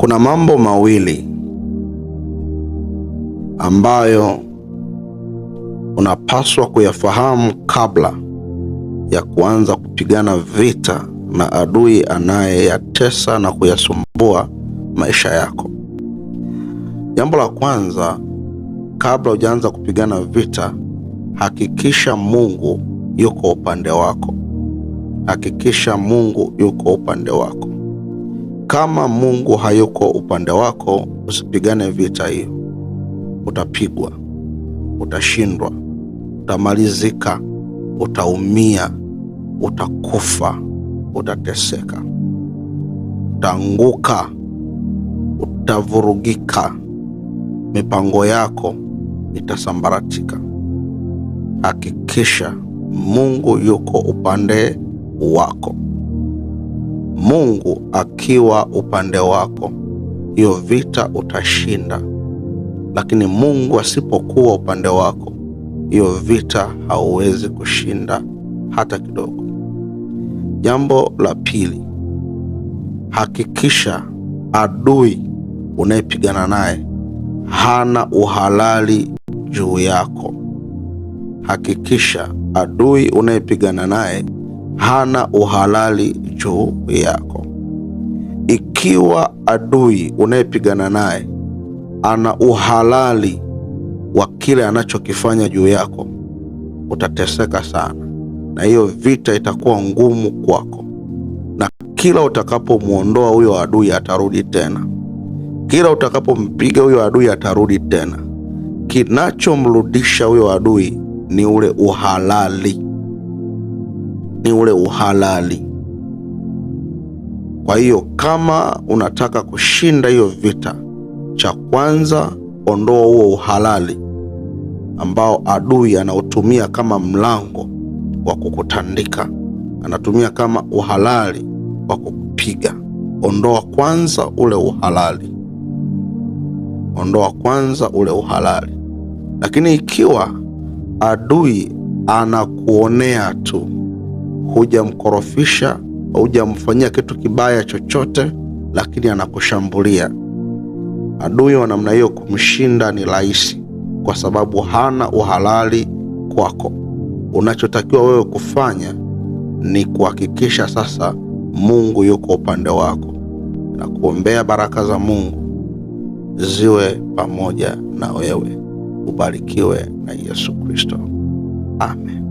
kuna mambo mawili ambayo unapaswa kuyafahamu kabla ya kuanza kupigana vita na adui anayeyatesa na kuyasumbua maisha yako. Jambo la kwanza, kabla hujaanza kupigana vita, hakikisha Mungu yuko upande wako. Hakikisha Mungu yuko upande wako. Kama Mungu hayuko upande wako, usipigane vita hiyo. Utapigwa, utashindwa, utamalizika, utaumia, utakufa, utateseka, utaanguka, utavurugika, mipango yako itasambaratika. Hakikisha Mungu yuko upande wako. Mungu akiwa upande wako, hiyo vita utashinda, lakini Mungu asipokuwa upande wako, hiyo vita hauwezi kushinda hata kidogo. Jambo la pili, hakikisha adui unayepigana naye hana uhalali juu yako. Hakikisha adui unayepigana naye hana uhalali juu yako. Ikiwa adui unayepigana naye ana uhalali wa kile anachokifanya juu yako, utateseka sana, na hiyo vita itakuwa ngumu kwako, na kila utakapomwondoa huyo adui atarudi tena, kila utakapompiga huyo adui atarudi tena. Kinachomrudisha huyo adui ni ule uhalali ni ule uhalali. Kwa hiyo kama unataka kushinda hiyo vita, cha kwanza ondoa huo uhalali ambao adui anautumia kama mlango wa kukutandika, anatumia kama uhalali wa kukupiga. Ondoa kwanza ule uhalali, ondoa kwanza ule uhalali. Lakini ikiwa adui anakuonea tu hujamkorofisha, hujamfanyia kitu kibaya chochote, lakini anakushambulia. Adui wa namna hiyo kumshinda ni rahisi, kwa sababu hana uhalali kwako. Unachotakiwa wewe kufanya ni kuhakikisha sasa Mungu yuko upande wako na kuombea baraka za Mungu ziwe pamoja na wewe. Ubarikiwe na Yesu Kristo. Amen.